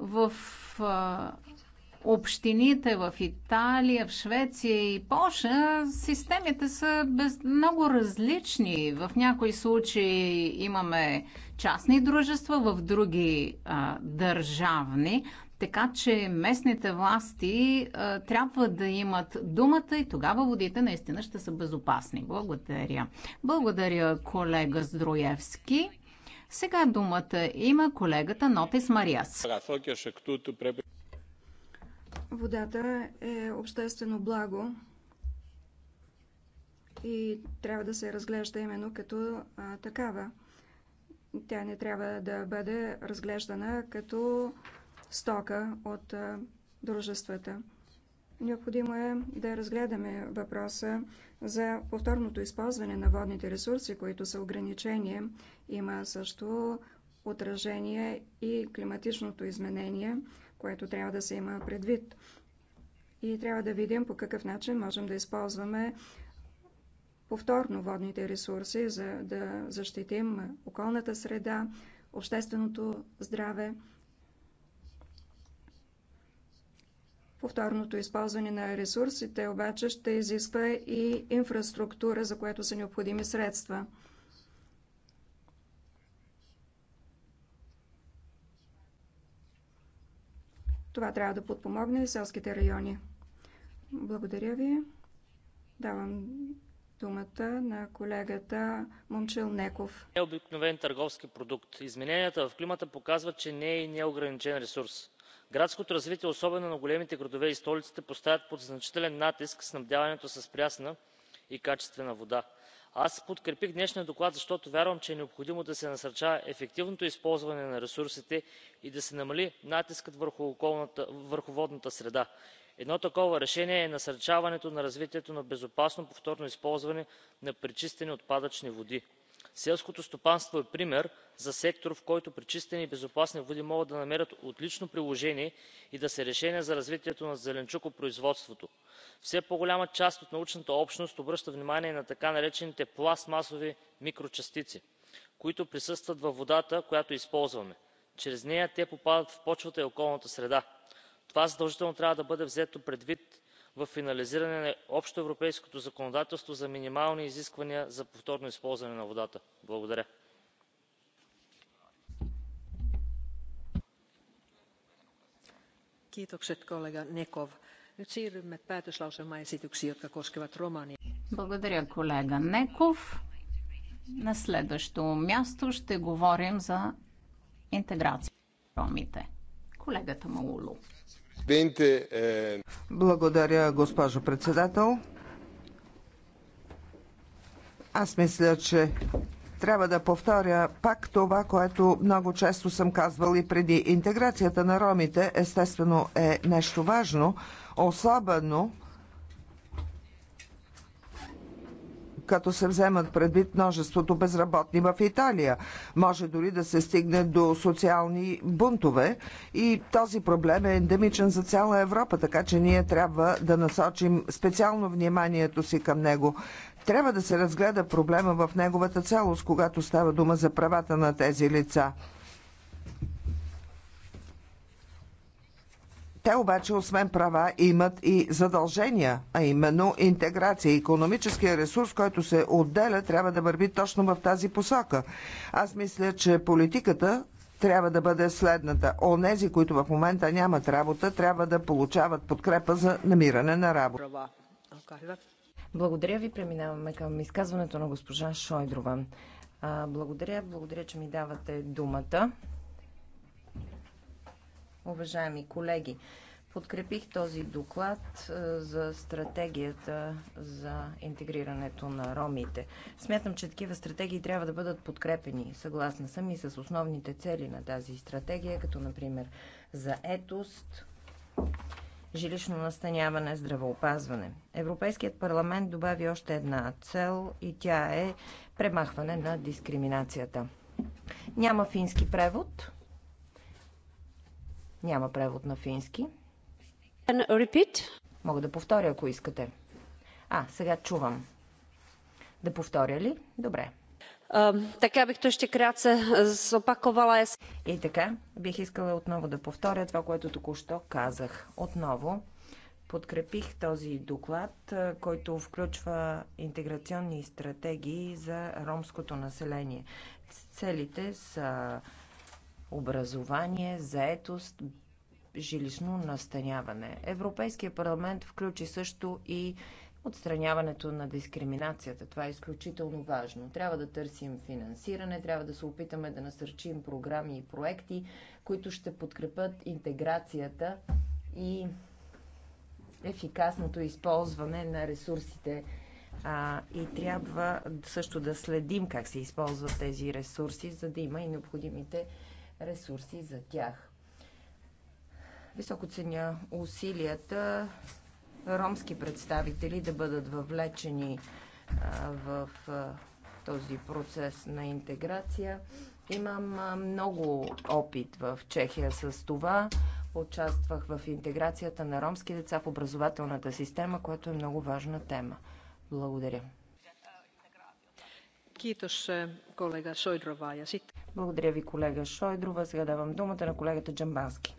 в а, общините в Италия, в Швеция и Польша системите са без, много различни. В някои случаи имаме частни дружества, в други а, държавни. Така че местните власти а, трябва да имат думата и тогава водите наистина ще са безопасни. Благодаря. Благодаря, колега Здроевски. Сега думата има колегата Нопис Мариас. Водата е обществено благо и трябва да се разглежда именно като а, такава. Тя не трябва да бъде разглеждана като стока от а, дружествата. Необходимо е да разгледаме въпроса за повторното използване на водните ресурси, които са ограничени. Има също отражение и климатичното изменение, което трябва да се има предвид. И трябва да видим по какъв начин можем да използваме повторно водните ресурси, за да защитим околната среда, общественото здраве. Повторното използване на ресурсите обаче ще изисква и инфраструктура, за което са необходими средства. Това трябва да подпомогне и селските райони. Благодаря ви. Давам думата на колегата Момчил Неков. Необикновен търговски продукт. Измененията в климата показват, че не е и неограничен ресурс градското развитие особено на големите градове и столиците поставят под значителен натиск снабдяването с прясна и качествена вода. аз подкрепих днешния доклад защото вярвам че е необходимо да се насърчава ефективното използване на ресурсите и да се намали натискът върху водната среда. едно такова решение е насърчаването на развитието на безопасно повторно използване на пречистени отпадъчни води селското стопанство е пример за сектор в който пречистени и безопасни води могат да намерят отлично приложение и да са решение за развитието на зеленчукопроизводството. все по голяма част от научната общност обръща внимание на така наречените пластмасови микрочастици които присъстват във водата която използваме. чрез нея те попадат в почвата и околната среда. това задължително трябва да бъде взето предвид във финализиране на общоевропейското законодателство за минимални изисквания за повторно използване на водата. благодаря. Благодаря, колега Неков. На следващо място ще говорим за интеграция на ромите. Колегата Маулу. Eh, Благодаря, госпожо председател. Аз мисля, че трябва да повторя пак това, което много често съм казвал и преди. Интеграцията на ромите естествено е нещо важно, особено като се вземат предвид множеството безработни в Италия. Може дори да се стигне до социални бунтове и този проблем е ендемичен за цяла Европа, така че ние трябва да насочим специално вниманието си към него. Трябва да се разгледа проблема в неговата цялост, когато става дума за правата на тези лица. Те обаче, освен права, имат и задължения, а именно интеграция. Економическия ресурс, който се отделя, трябва да върви точно в тази посока. Аз мисля, че политиката трябва да бъде следната. Онези, които в момента нямат работа, трябва да получават подкрепа за намиране на работа. Благодаря ви. Преминаваме към изказването на госпожа Шойдрова. Благодаря, благодаря, че ми давате думата уважаеми колеги! Подкрепих този доклад е, за стратегията за интегрирането на ромите. Смятам, че такива стратегии трябва да бъдат подкрепени. Съгласна съм и с основните цели на тази стратегия, като например за етост, жилищно настаняване, здравеопазване. Европейският парламент добави още една цел и тя е премахване на дискриминацията. Няма фински превод. Няма превод на фински. Мога да повторя, ако искате. А, сега чувам. Да повторя ли? Добре. Така бих то ще кратце опаковала. Е И така, бих искала отново да повторя това, което току-що казах. Отново подкрепих този доклад, който включва интеграционни стратегии за ромското население. Целите са образование, заетост, жилищно настаняване. Европейския парламент включи също и отстраняването на дискриминацията. Това е изключително важно. Трябва да търсим финансиране, трябва да се опитаме да насърчим програми и проекти, които ще подкрепят интеграцията и ефикасното използване на ресурсите. А, и трябва също да следим как се използват тези ресурси, за да има и необходимите ресурси за тях. Високо ценя усилията ромски представители да бъдат въвлечени в този процес на интеграция. Имам много опит в Чехия с това. Участвах в интеграцията на ромски деца в образователната система, което е много важна тема. Благодаря. Eh, Благодаря ви, колега Шойдрова. Сега давам думата на колегата Джамбазки.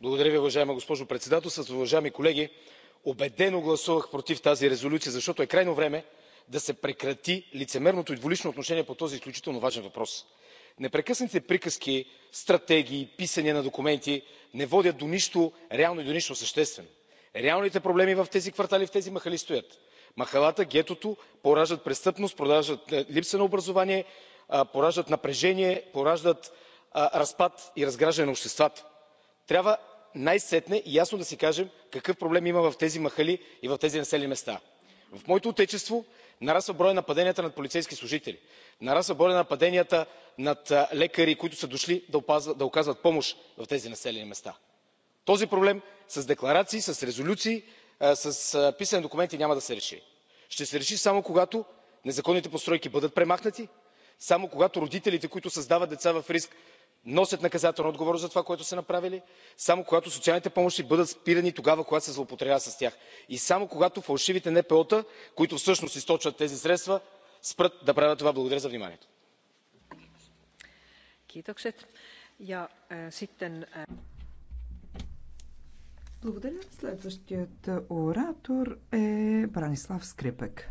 Благодаря ви, уважаема госпожо председател. Уважаеми колеги, убедено гласувах против тази резолюция, защото е крайно време да се прекрати лицемерното и двулично отношение по този изключително важен въпрос. Непрекъснатите приказки, стратегии, писания на документи не водят до нищо реално и до нищо съществено. Реалните проблеми в тези квартали, в тези махали стоят махалата гетото пораждат престъпност пораждат е, липса на образование пораждат напрежение пораждат разпад и разграждане на обществата. трябва най сетне и ясно да си кажем какъв проблем има в тези махали и в тези населени места. в моето отечество нараства броят на нападенията над полицейски служители нараства броят на нападенията над лекари които са дошли да оказват помощ в тези населени места. този проблем с декларации с резолюции с писани документи няма да се реши. ще се реши само когато незаконните постройки бъдат премахнати само когато родителите които създават деца в риск носят наказателна отговорност за това което са направили само когато социалните помощи бъдат спирани тогава когато се злоупотребява с тях и само когато фалшивите нпо та които всъщност източват тези средства спрат да правят това. благодаря за вниманието. Благодаря. Следващият оратор е Бранислав Скрипек.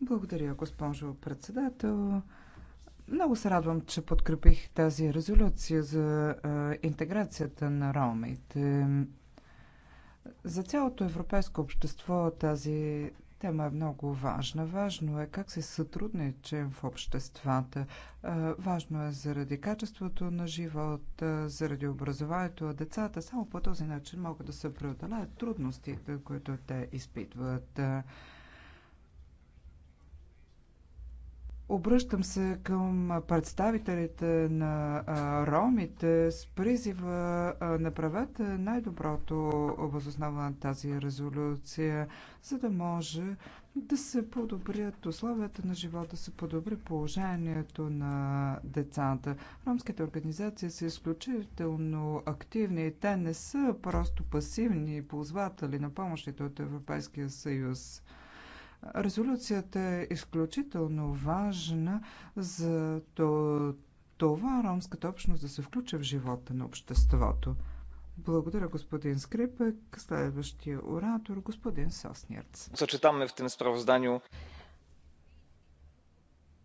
Благодаря, госпожо председател. Много се радвам, че подкрепих тази резолюция за интеграцията на ромите. За цялото европейско общество тази Тема е много важна. Важно е как се сътрудничим в обществата. Важно е заради качеството на живот, заради образованието на децата. Само по този начин могат да се преодолеят трудностите, които те изпитват. Обръщам се към представителите на ромите с призива направете най-доброто възоснова на тази резолюция, за да може да се подобрят условията на живота, да се подобри положението на децата. Ромските организации са изключително активни и те не са просто пасивни ползватели на помощите от Европейския съюз. Резолюцията е изключително важна за това ромската общност да се включи в живота на обществото. Благодаря, господин Скрипек. Следващия оратор, господин Соснирц. Съчетаме в тем справозданию.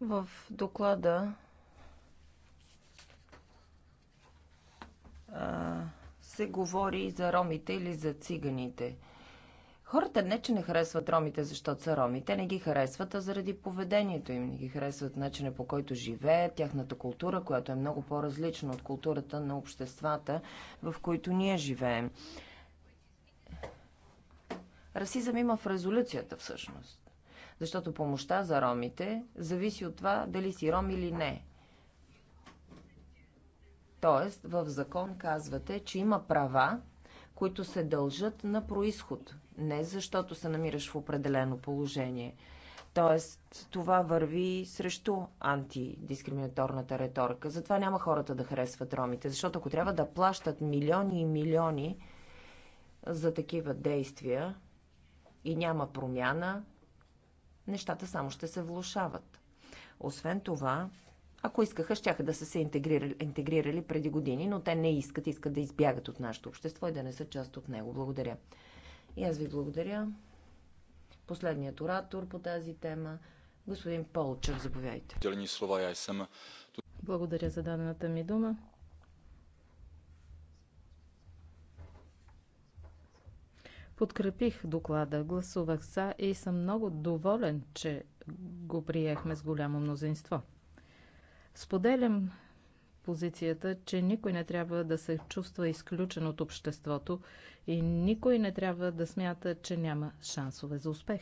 В доклада а, се говори за ромите или за циганите – Хората не, че не харесват ромите, защото са роми. Те не ги харесват, а заради поведението им. Не ги харесват начина по който живеят, тяхната култура, която е много по-различна от културата на обществата, в които ние живеем. Расизъм има в резолюцията всъщност. Защото помощта за ромите зависи от това дали си ром или не. Тоест, в закон казвате, че има права, които се дължат на происход, не защото се намираш в определено положение. Тоест, това върви срещу антидискриминаторната риторика. Затова няма хората да харесват ромите, защото ако трябва да плащат милиони и милиони за такива действия и няма промяна, нещата само ще се влушават. Освен това, ако искаха, щяха да са се интегрирали, интегрирали преди години, но те не искат, искат да избягат от нашето общество и да не са част от него. Благодаря. И аз ви благодаря. Последният оратор по тази тема, господин Полчев, заповядайте. Благодаря за дадената ми дума. Подкрепих доклада, гласувах за и съм много доволен, че го приехме с голямо мнозинство. Споделям позицията, че никой не трябва да се чувства изключен от обществото и никой не трябва да смята, че няма шансове за успех.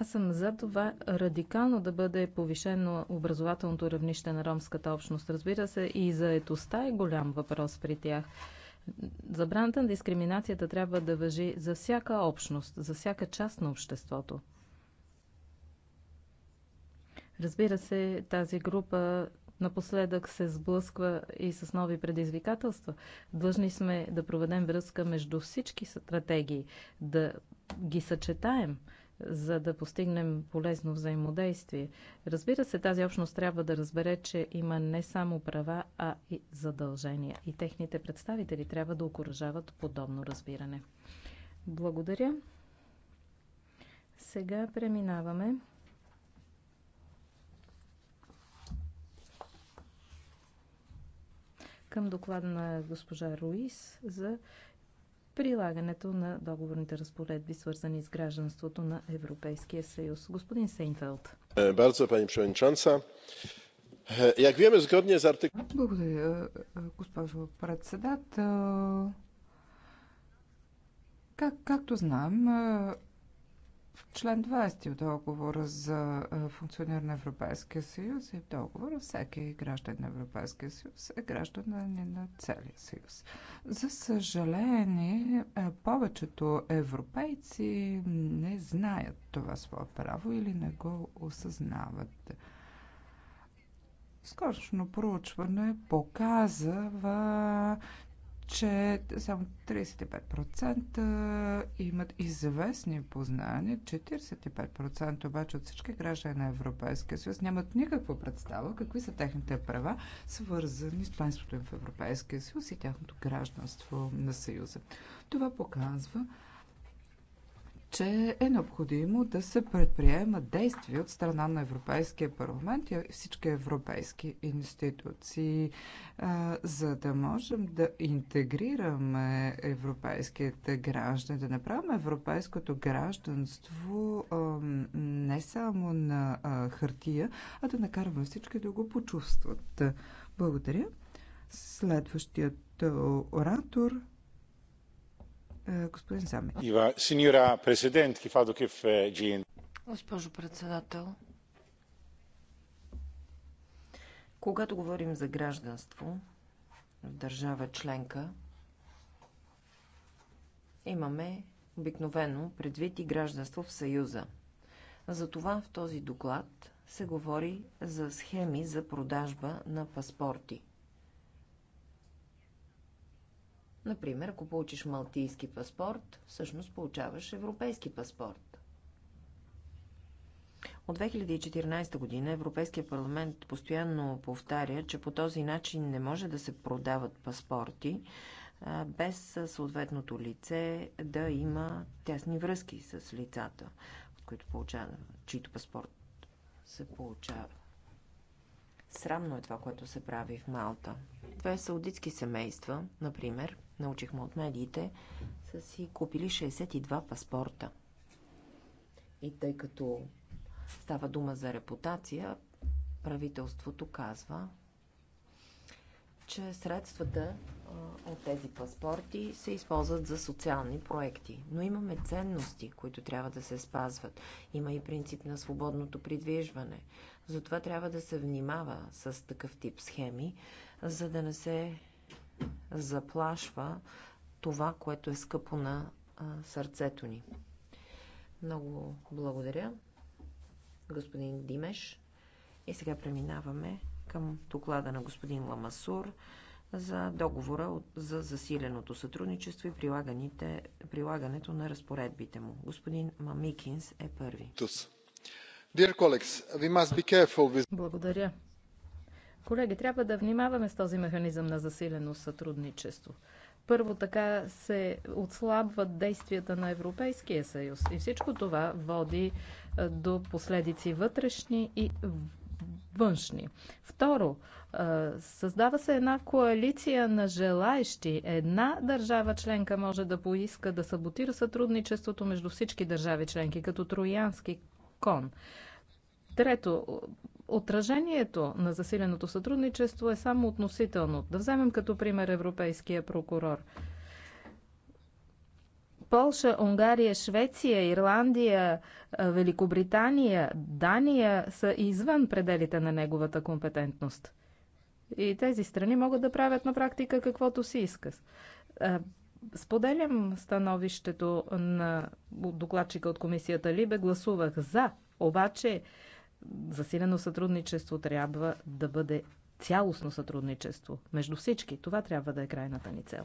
Аз съм за това радикално да бъде повишено образователното равнище на ромската общност. Разбира се, и заетостта е голям въпрос при тях. Забраната на дискриминацията трябва да въжи за всяка общност, за всяка част на обществото. Разбира се, тази група напоследък се сблъсква и с нови предизвикателства. Длъжни сме да проведем връзка между всички стратегии, да ги съчетаем, за да постигнем полезно взаимодействие. Разбира се, тази общност трябва да разбере, че има не само права, а и задължения. И техните представители трябва да окоръжават подобно разбиране. Благодаря. Сега преминаваме към доклада на госпожа Руис за прилагането на договорните разпоредби, свързани с гражданството на Европейския съюз. Господин Сейнфелд. Е, е, Благодаря, е, госпожо председател. Как, както знам, в член 20 от договора за е, функциониране на Европейския съюз и в договора всеки граждан на Европейския съюз е гражданин на целия съюз. За съжаление, е, повечето европейци не знаят това свое право или не го осъзнават. Скорошно проучване показва, че само 35% имат известни познания, 45% обаче от всички граждани на Европейския съюз нямат никаква представа какви са техните права, свързани с членството им в Европейския съюз и тяхното гражданство на съюза. Това показва, че е необходимо да се предприемат действия от страна на Европейския парламент и всички европейски институции, за да можем да интегрираме европейските граждани, да направим европейското гражданство не само на хартия, а да накараме всички да го почувстват. Благодаря. Следващият оратор е, господин президент, Кифадокив е, Джин. Госпожо председател, когато говорим за гражданство в държава членка, имаме обикновено предвид и гражданство в Съюза. Затова в този доклад се говори за схеми за продажба на паспорти – Например, ако получиш малтийски паспорт, всъщност получаваш европейски паспорт. От 2014 година Европейския парламент постоянно повтаря, че по този начин не може да се продават паспорти без съответното лице да има тясни връзки с лицата, от които получава, чието паспорт се получава. Срамно е това, което се прави в Малта. Две саудитски семейства, например, научихме от медиите, са си купили 62 паспорта. И тъй като става дума за репутация, правителството казва, че средствата от тези паспорти се използват за социални проекти. Но имаме ценности, които трябва да се спазват. Има и принцип на свободното придвижване. Затова трябва да се внимава с такъв тип схеми, за да не се заплашва това, което е скъпо на сърцето ни. Много благодаря, господин Димеш. И сега преминаваме към доклада на господин Ламасур за договора за засиленото сътрудничество и прилагането на разпоредбите му. Господин Мамикинс е първи. Благодаря. Колеги, трябва да внимаваме с този механизъм на засилено сътрудничество. Първо така се отслабват действията на Европейския съюз и всичко това води до последици вътрешни и външни. Второ, създава се една коалиция на желаещи. Една държава членка може да поиска да саботира сътрудничеството между всички държави членки, като троянски кон. Трето, отражението на засиленото сътрудничество е само относително. Да вземем като пример Европейския прокурор – Полша, Унгария, Швеция, Ирландия, Великобритания, Дания са извън пределите на неговата компетентност. И тези страни могат да правят на практика каквото си искат. Споделям становището на докладчика от комисията Либе. Гласувах за, обаче засилено сътрудничество трябва да бъде цялостно сътрудничество между всички. Това трябва да е крайната ни цел.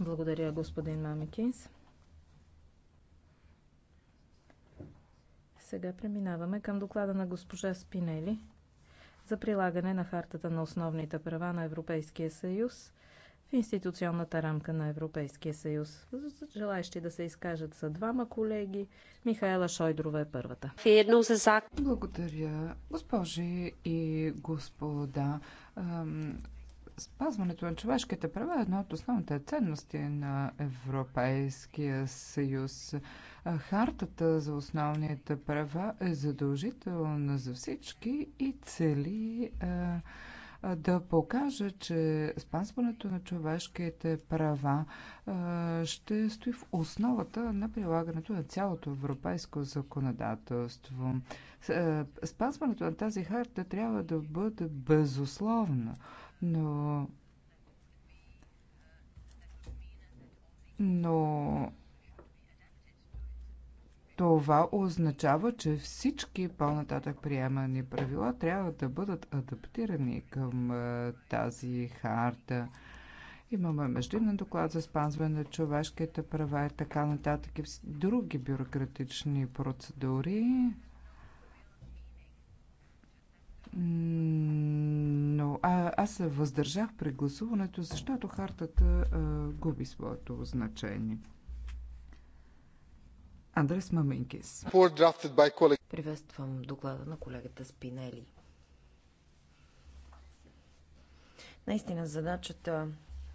Благодаря, господин Мамикинс. Сега преминаваме към доклада на госпожа Спинели за прилагане на Хартата на основните права на Европейския съюз в институционната рамка на Европейския съюз. Желаещи да се изкажат са двама колеги. Михаела Шойдрова е първата. Благодаря, госпожи и господа. Спазването на човешките права е една от основните ценности на Европейския съюз. Хартата за основните права е задължителна за всички и цели да покаже, че спазването на човешките права ще стои в основата на прилагането на цялото европейско законодателство. Спазването на тази харта трябва да бъде безусловно, но но това означава, че всички по-нататък приемани правила трябва да бъдат адаптирани към тази харта. Имаме междинен доклад за спазване на човешките права и така нататък и други бюрократични процедури. Но а, аз се въздържах при гласуването, защото хартата а, губи своето значение. Андрес Маминкис. Приветствам доклада на колегата Спинели. Наистина задачата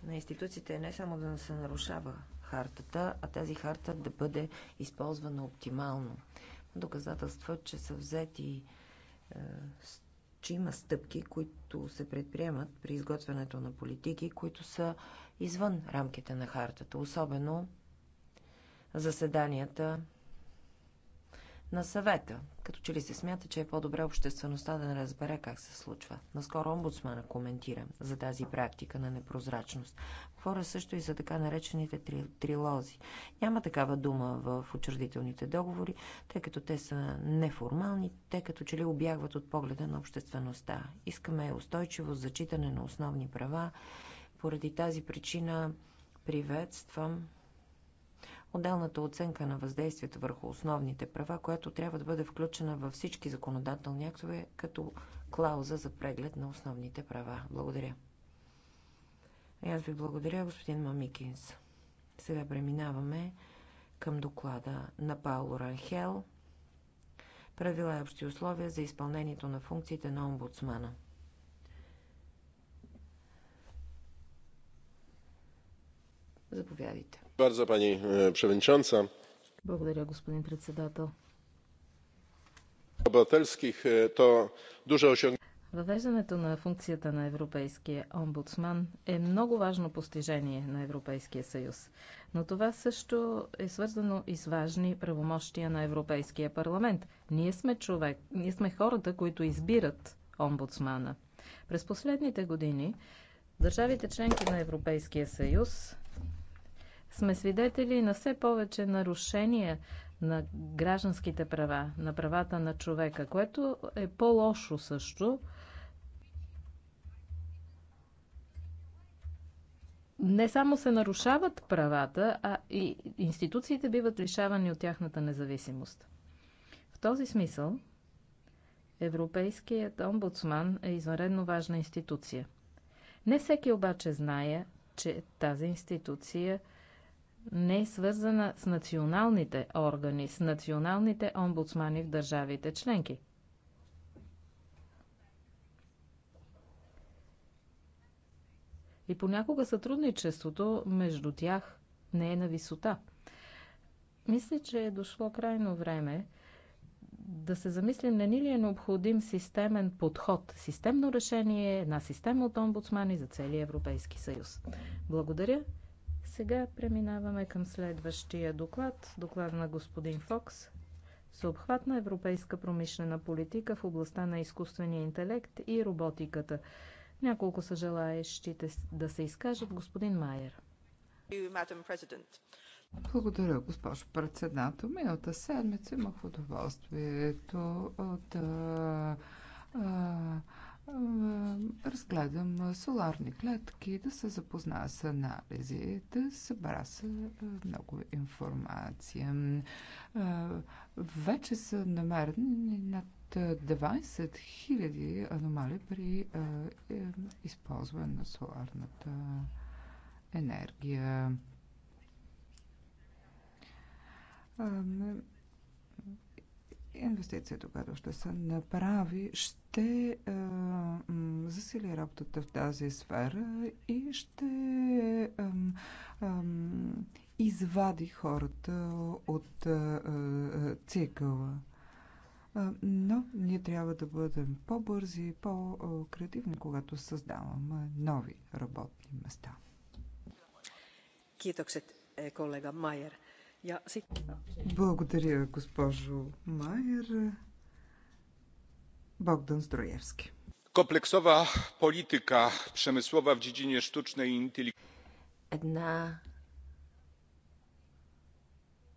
на институциите е не само да не се нарушава хартата, а тази харта да бъде използвана оптимално. Доказателства, е, че са взети е, че има стъпки, които се предприемат при изготвянето на политики, които са извън рамките на хартата, особено заседанията на съвета, като че ли се смята, че е по-добре обществеността да не разбере как се случва. Наскоро омбудсмана коментира за тази практика на непрозрачност. Хора също и за така наречените три, трилози. Няма такава дума в учредителните договори, тъй като те са неформални, тъй като че ли обягват от погледа на обществеността. Искаме устойчиво зачитане на основни права. Поради тази причина приветствам отделната оценка на въздействието върху основните права, която трябва да бъде включена във всички законодателни актове като клауза за преглед на основните права. Благодаря. И аз ви благодаря, господин Мамикинс. Сега преминаваме към доклада на Пауло Ранхел правила и общи условия за изпълнението на функциите на омбудсмана. Заповядайте. Pani e, Przewodnicząca. Благодаря, господин председател. E, osiągnięcie. Въвеждането на функцията на Европейския омбудсман е много важно постижение на Европейския съюз. Но това също е свързано и с важни правомощия на Европейския парламент. Ние сме човек, ние сме хората, които избират омбудсмана. През последните години държавите членки на Европейския съюз сме свидетели на все повече нарушения на гражданските права, на правата на човека, което е по-лошо също. Не само се нарушават правата, а и институциите биват лишавани от тяхната независимост. В този смисъл, Европейският омбудсман е извънредно важна институция. Не всеки обаче знае, че тази институция – не е свързана с националните органи, с националните омбудсмани в държавите членки. И понякога сътрудничеството между тях не е на висота. Мисля, че е дошло крайно време да се замислим, не ни ли е необходим системен подход, системно решение, една система от омбудсмани за целия Европейски съюз. Благодаря. Сега преминаваме към следващия доклад. Доклад на господин Фокс. на европейска промишлена политика в областта на изкуствения интелект и роботиката. Няколко са желаещите да се изкажат. Господин Майер. Благодаря, госпожо председател. Миналата седмица имах удоволствието да а, разгледам соларни клетки, да се запозная с анализи, да събра се много информация. Вече са намерени над 20 хиляди аномали при е, използване на соларната енергия. Инвестицията, която ще се направи, ще ще а, засили работата в тази сфера и ще а, а, извади хората от а, а, цикъла. Но ние трябва да бъдем по-бързи и по-креативни, когато създаваме нови работни места. Е, Майер. Благодаря, госпожо Майер bogdan zdrojewski. Kompleksowa polityka przemysłowa w dziedzinie sztucznej inteligencji. Една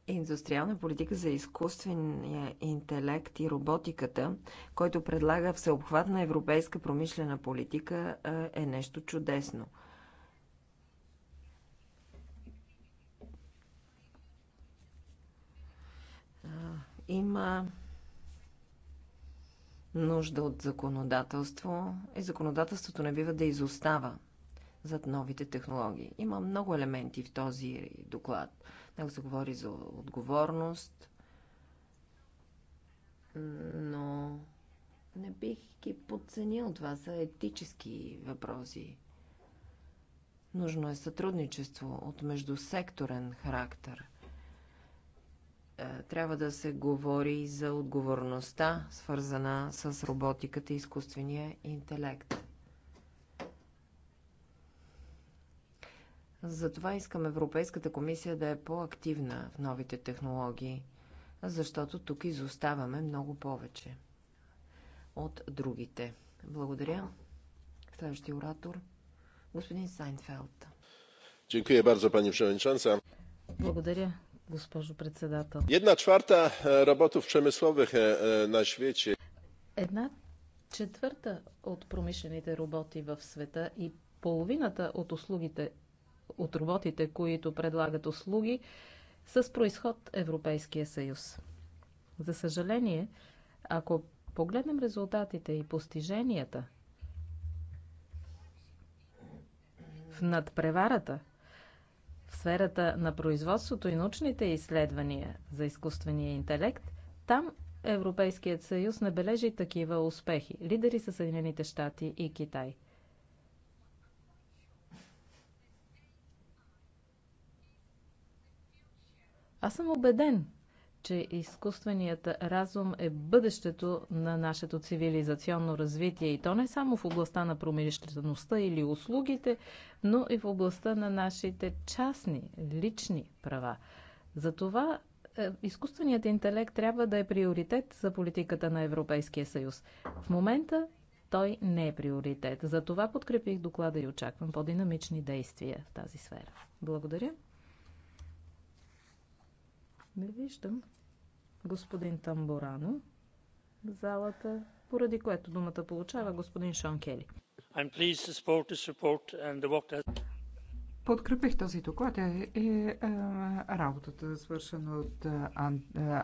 индустриална политика за изкуствения интелект и роботиката, който предлага всеобхватна европейска промишлена политика, е нещо чудесно. Има нужда от законодателство и законодателството не бива да изостава зад новите технологии. Има много елементи в този доклад. Него се говори за отговорност, но не бих ги подценил. Това са етически въпроси. Нужно е сътрудничество от междусекторен характер – е, трябва да се говори за отговорността, свързана с роботиката и изкуствения интелект. Затова искам Европейската комисия да е по-активна в новите технологии, защото тук изоставаме много повече от другите. Благодаря. Следващия оратор господин Сайнфелд. Благодаря, госпожо председател. Една чвърта е, работов премислових е, е, на свете. Една четвърта от промишлените роботи в света и половината от услугите, от роботите, които предлагат услуги, с происход Европейския съюз. За съжаление, ако погледнем резултатите и постиженията в надпреварата – в сферата на производството и научните изследвания за изкуствения интелект, там Европейският съюз набележи такива успехи. Лидери са Съединените щати и Китай. Аз съм убеден, че изкуственият разум е бъдещето на нашето цивилизационно развитие и то не само в областта на промишлеността или услугите, но и в областта на нашите частни, лични права. Затова е, изкуственият интелект трябва да е приоритет за политиката на Европейския съюз. В момента той не е приоритет. Затова подкрепих доклада и очаквам по-динамични действия в тази сфера. Благодаря. Не виждам господин Тамборано в залата, поради което думата получава господин Шон Кели. Подкрепих този доклад и е, е, е, работата, свършена от е,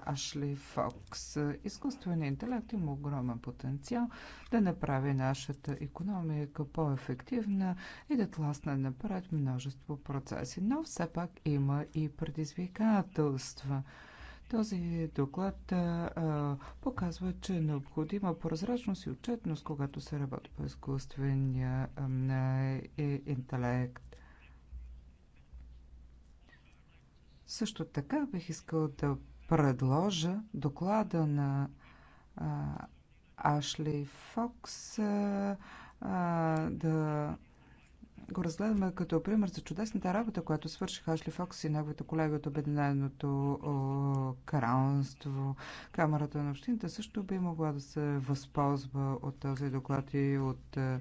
Ашли Фокс. Изкуственият интелект има огромен потенциал да направи нашата економика по-ефективна и да тласне напред множество процеси, но все пак има и предизвикателства. Този доклад а, а, показва, че е необходима прозрачност и отчетност, когато се работи по изкуствения а, и е, интелект. Също така бих искал да предложа доклада на а, Ашли Фокс а, а, да го разгледаме като пример за чудесната работа, която свършиха Ашли Фокс и неговите колеги от Обединеното кралство. Камерата на общините също би могла да се възползва от този доклад и от е,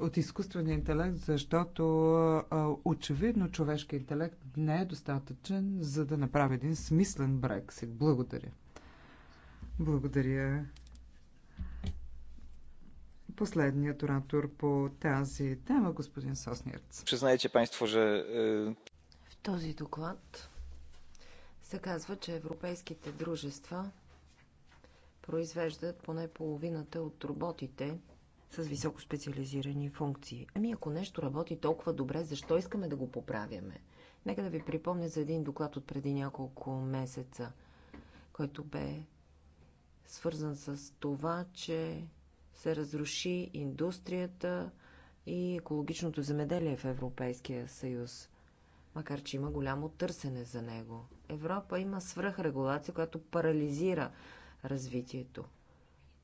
от изкуствения интелект, защото а, е, очевидно човешки интелект не е достатъчен, за да направи един смислен Брексит. Благодаря. Благодаря, Последният оратор по тази тема, господин Соснирц. Признаете, панство, че... Е, В този доклад се казва, че европейските дружества произвеждат поне половината от роботите с високо специализирани функции. Ами ако нещо работи толкова добре, защо искаме да го поправяме? Нека да ви припомня за един доклад от преди няколко месеца, който бе свързан с това, че се разруши индустрията и екологичното земеделие в Европейския съюз, макар че има голямо търсене за него. Европа има свръхрегулация, която парализира развитието.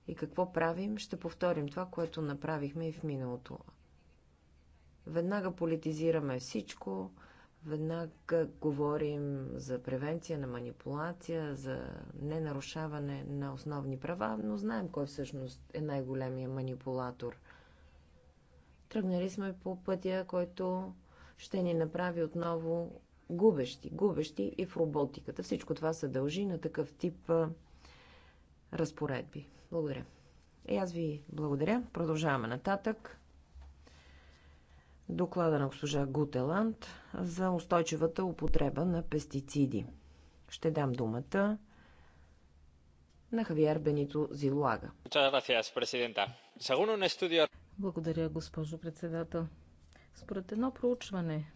И какво правим? Ще повторим това, което направихме и в миналото. Веднага политизираме всичко, Веднага говорим за превенция на манипулация, за ненарушаване на основни права, но знаем кой всъщност е най-големия манипулатор. Тръгнали сме по пътя, който ще ни направи отново губещи, губещи и в роботиката. Всичко това се дължи на такъв тип разпоредби. Благодаря. И аз ви благодаря. Продължаваме нататък доклада на госпожа Гутеланд за устойчивата употреба на пестициди. Ще дам думата на Хавиер Бенито Зилуага. Благодаря, госпожо председател. Според едно проучване,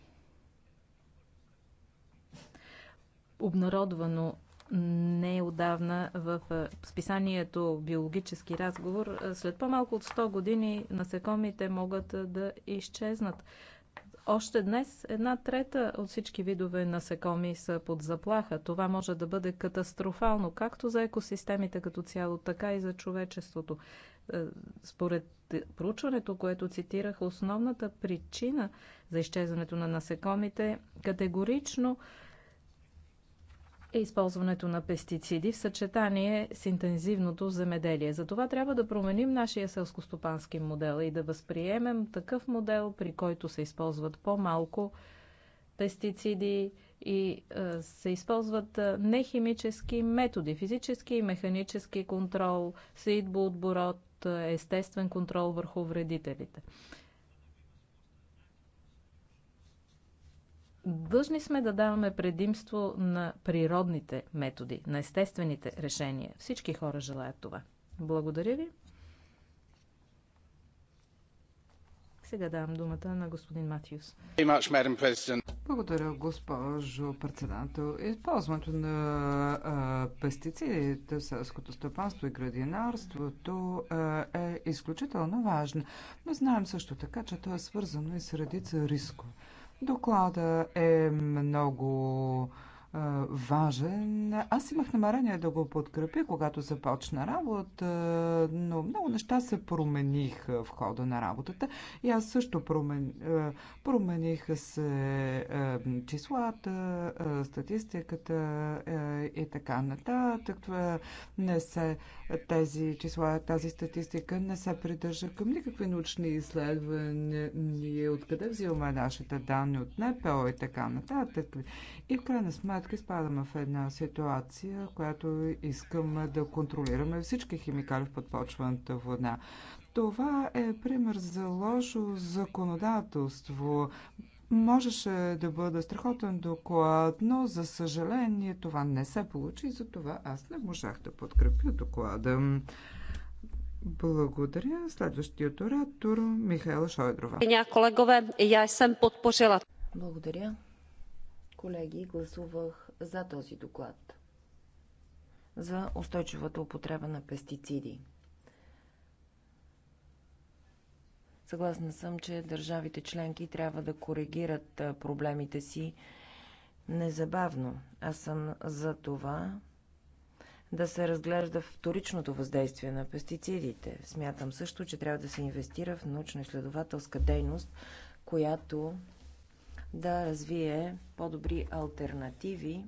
обнародвано не отдавна в списанието Биологически разговор. След по-малко от 100 години насекомите могат да изчезнат. Още днес една трета от всички видове насекоми са под заплаха. Това може да бъде катастрофално, както за екосистемите като цяло, така и за човечеството. Според проучването, което цитирах, основната причина за изчезването на насекомите категорично е използването на пестициди в съчетание с интензивното земеделие. Затова трябва да променим нашия селскостопански модел и да възприемем такъв модел, при който се използват по-малко пестициди и е, се използват е, нехимически методи, физически и механически контрол, отборот, е, естествен контрол върху вредителите. Длъжни сме да даваме предимство на природните методи, на естествените решения. Всички хора желаят това. Благодаря ви. Сега давам думата на господин Матиус. Благодаря, госпожо председател. Използването на а, пестицидите в селското стопанство и градинарството а, е изключително важно. Но знаем също така, че то е свързано и с редица рискове. Доклада е много важен. Аз имах намерение да го подкрепя, когато започна работа, но много неща се промених в хода на работата. И аз също промен... промених се числата, статистиката и така нататък. Не се, тези числа, тази статистика не се придържа към никакви научни изследвания. Ние откъде взимаме нашите данни от НПО и така нататък. И в крайна сметка сметка изпадаме в една ситуация, която искаме да контролираме всички химикали в подпочваната вода. Това е пример за лошо законодателство. Можеше да бъде страхотен доклад, но за съжаление това не се получи и за това аз не можах да подкрепя доклада. Благодаря. Следващият оратор Михайла Шойдрова. Благодаря колеги, гласувах за този доклад за устойчивата употреба на пестициди. Съгласна съм, че държавите членки трябва да коригират проблемите си незабавно. Аз съм за това да се разглежда вторичното въздействие на пестицидите. Смятам също, че трябва да се инвестира в научно-изследователска дейност, която да развие по-добри альтернативи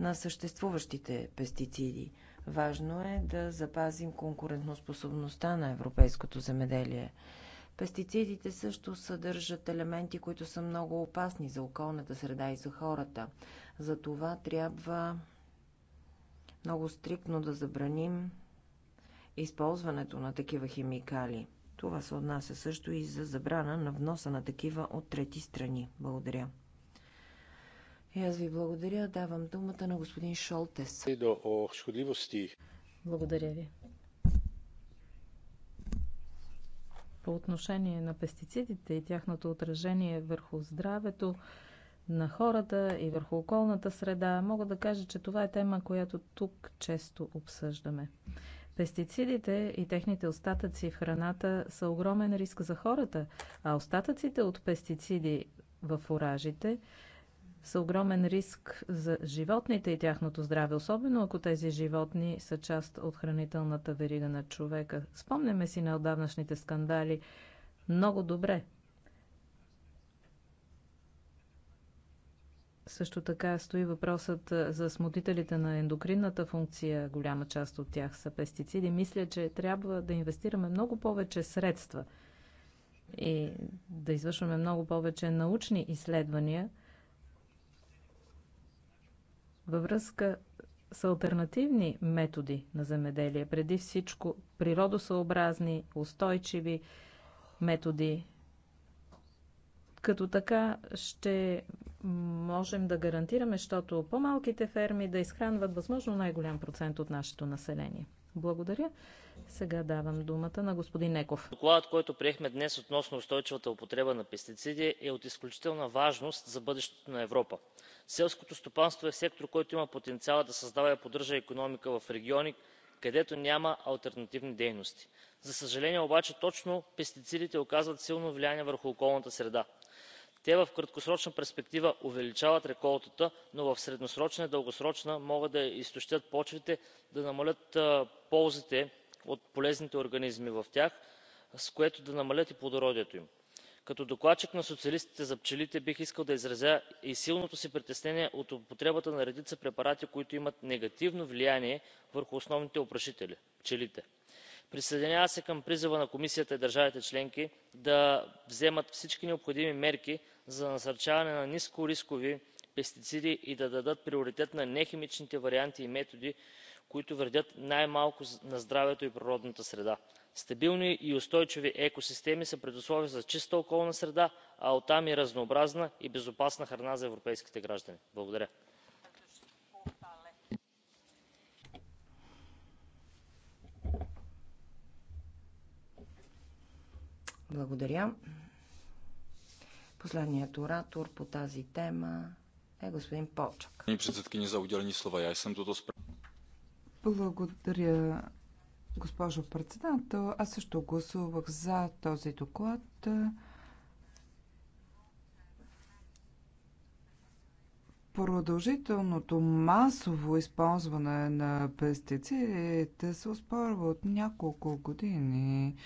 на съществуващите пестициди. Важно е да запазим конкурентоспособността на европейското земеделие. Пестицидите също съдържат елементи, които са много опасни за околната среда и за хората. Затова трябва много стриктно да забраним използването на такива химикали – това се отнася също и за забрана на вноса на такива от трети страни. Благодаря. И аз ви благодаря. Давам думата на господин Шолтес. Благодаря ви. По отношение на пестицидите и тяхното отражение върху здравето на хората и върху околната среда, мога да кажа, че това е тема, която тук често обсъждаме. Пестицидите и техните остатъци в храната са огромен риск за хората, а остатъците от пестициди в фуражите са огромен риск за животните и тяхното здраве, особено ако тези животни са част от хранителната верига на човека. Спомняме си неодавнашните скандали много добре. Също така стои въпросът за смутителите на ендокринната функция. Голяма част от тях са пестициди. Мисля, че трябва да инвестираме много повече средства и да извършваме много повече научни изследвания във връзка с альтернативни методи на земеделие. Преди всичко природосъобразни, устойчиви методи. Като така ще можем да гарантираме, защото по-малките ферми да изхранват възможно най-голям процент от нашето население. Благодаря. Сега давам думата на господин Неков. Докладът, който приехме днес относно устойчивата употреба на пестициди, е от изключителна важност за бъдещето на Европа. Селското стопанство е сектор, който има потенциала да създава и поддържа економика в региони, където няма альтернативни дейности. За съжаление обаче точно пестицидите оказват силно влияние върху околната среда те в краткосрочна перспектива увеличават реколтата но в средносрочна и дългосрочна могат да изтощят почвите да намалят ползите от полезните организми в тях с което да намалят и плодородието им. като докладчик на социалистите за пчелите бих искал да изразя и силното си притеснение от употребата на редица препарати които имат негативно влияние върху основните опрашители пчелите. Присъединява се към призива на комисията и държавите членки да вземат всички необходими мерки за насърчаване на нискорискови пестициди и да дадат приоритет на нехимичните варианти и методи които вредят най малко на здравето и природната среда. стабилни и устойчиви екосистеми са предусловие за чиста околна среда а оттам и разнообразна и безопасна храна за европейските граждани. благодаря. Благодаря. Последният оратор по тази тема е господин Полчак. за отделени слова. Аз съм Благодаря, госпожо председател. Аз също гласувах за този доклад. Продължителното масово използване на пестицидите се оспорва от няколко години.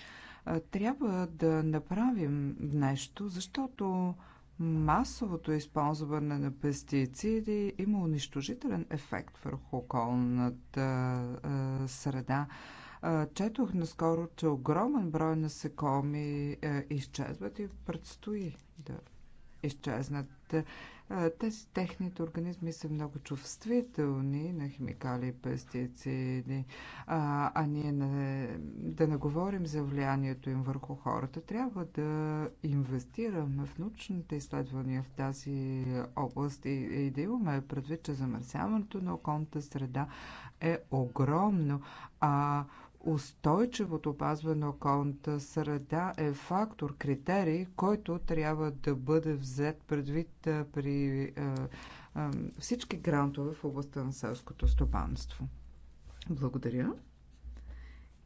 Трябва да направим нещо, защото масовото използване на пестициди има унищожителен ефект върху околната среда. Четох наскоро, че огромен брой насекоми изчезват и предстои да изчезнат. Тези техните организми са много чувствителни на химикали и пестициди, а, а ние не, да не говорим за влиянието им върху хората. Трябва да инвестираме в научните изследвания в тази област и, и да имаме предвид, че замърсяването на околната среда е огромно, а устойчивото опазване на околната среда е фактор, критерий, който трябва да бъде взет предвид при всички грантове в областта на селското стопанство. Благодаря.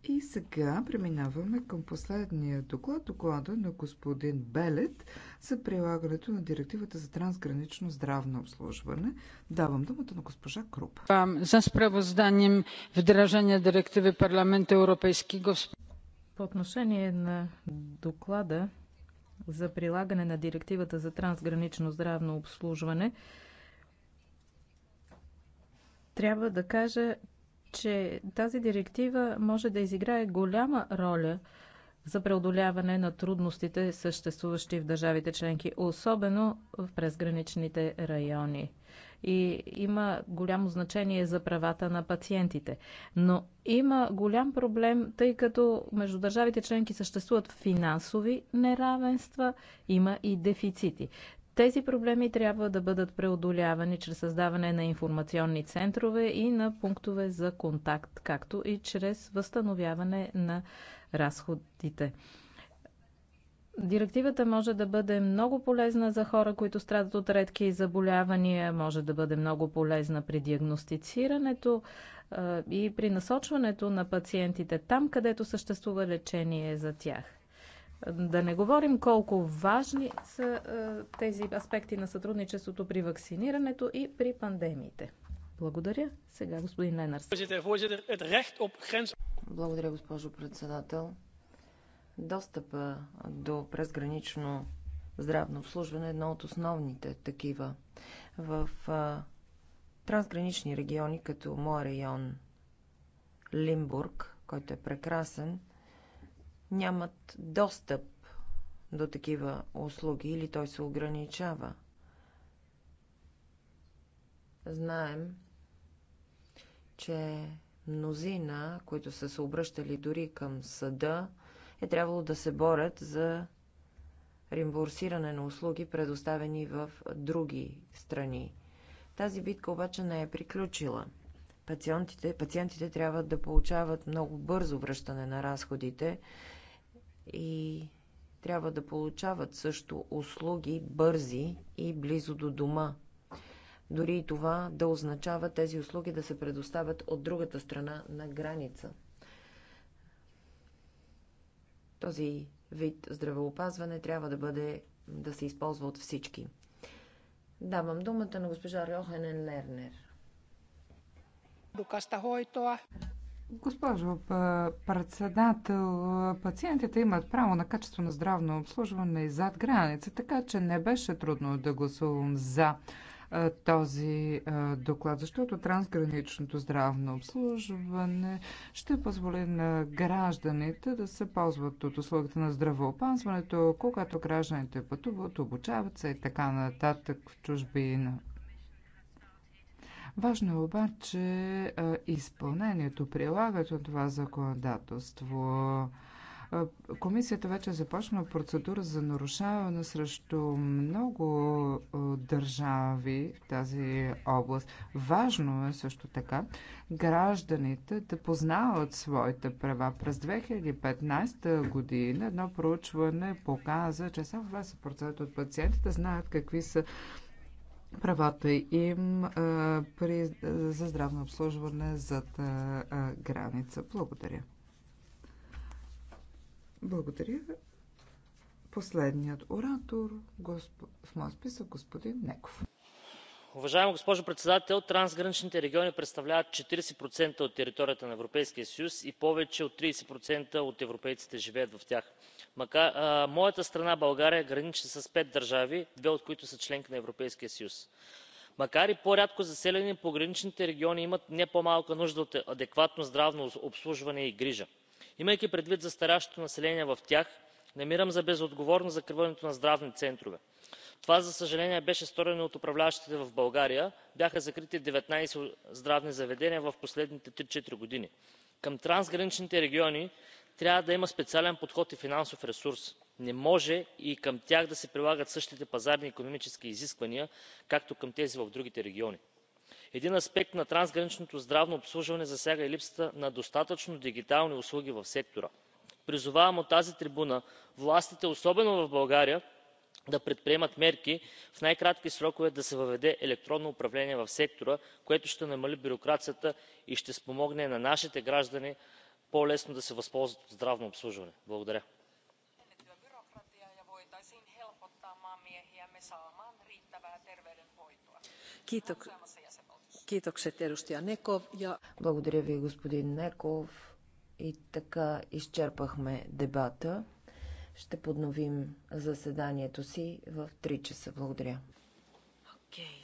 И сега преминаваме към последния доклад, доклада на господин Белет за прилагането на директивата за трансгранично здравно обслужване. Давам думата на госпожа Круп. За справозданием вдражение директиви Парламента Европейскиго. По отношение на доклада за прилагане на директивата за трансгранично здравно обслужване, трябва да кажа, че тази директива може да изиграе голяма роля за преодоляване на трудностите, съществуващи в държавите членки, особено в презграничните райони. И има голямо значение за правата на пациентите. Но има голям проблем, тъй като между държавите членки съществуват финансови неравенства, има и дефицити. Тези проблеми трябва да бъдат преодолявани чрез създаване на информационни центрове и на пунктове за контакт, както и чрез възстановяване на разходите. Директивата може да бъде много полезна за хора, които страдат от редки заболявания, може да бъде много полезна при диагностицирането и при насочването на пациентите там, където съществува лечение за тях. Да не говорим колко важни са е, тези аспекти на сътрудничеството при вакцинирането и при пандемиите. Благодаря. Сега господин Ленарс. Благодаря, госпожо председател. Достъпа до презгранично здравно обслужване е едно от основните такива. В а, е, трансгранични региони, като моя район Лимбург, който е прекрасен, нямат достъп до такива услуги или той се ограничава. Знаем, че мнозина, които са се обръщали дори към съда, е трябвало да се борят за реимбурсиране на услуги, предоставени в други страни. Тази битка обаче не е приключила. Пациентите, пациентите трябва да получават много бързо връщане на разходите, и трябва да получават също услуги бързи и близо до дома. Дори и това да означава тези услуги да се предоставят от другата страна на граница. Този вид здравеопазване трябва да бъде да се използва от всички. Давам думата на госпожа Рохенен Лернер. Госпожо председател, пациентите имат право на качество на здравно обслужване и зад граница, така че не беше трудно да гласувам за този доклад, защото трансграничното здравно обслужване ще позволи на гражданите да се ползват от услугите на здравоопазването, когато гражданите пътуват, обучават се и така нататък в чужбина. Важно е обаче изпълнението, прилагането на това законодателство. Комисията вече започна процедура за нарушаване срещу много държави в тази област. Важно е също така гражданите да познават своите права. През 2015 година едно проучване показа, че само 20% от пациентите знаят какви са правата им при, за здравно обслужване зад граница. Благодаря. Благодаря. Последният оратор госп... в моят списък господин Неков. Уважаема госпожо председател, трансграничните региони представляват 40% от територията на Европейския съюз и повече от 30% от европейците живеят в тях моята страна българия граничи с пет държави две от които са членки на европейския съюз. макар и по рядко заселени пограничните региони имат не по малка нужда от адекватно здравно обслужване и грижа. имайки предвид застаряващото население в тях намирам за безотговорно закриването на здравни центрове. това за съжаление беше сторено от управляващите в българия бяха закрити деветнадесет здравни заведения в последните три четири години. към трансграничните региони трябва да има специален подход и финансов ресурс. не може и към тях да се прилагат същите пазарни икономически изисквания както към тези в другите региони. един аспект на трансграничното здравно обслужване засяга и липсата на достатъчно дигитални услуги в сектора. призовавам от тази трибуна властите особено в българя да предприемат мерки в най кратки срокове да се въведе електронно управление в сектора което ще намали бюрокрацията и ще спомогне на нашите граждани по лесно да се възползват от здравно обслужване. благодаря. Благодаря ви, господин Неков. И така изчерпахме дебата. Ще подновим заседанието си в 3 часа. Благодаря. Okay.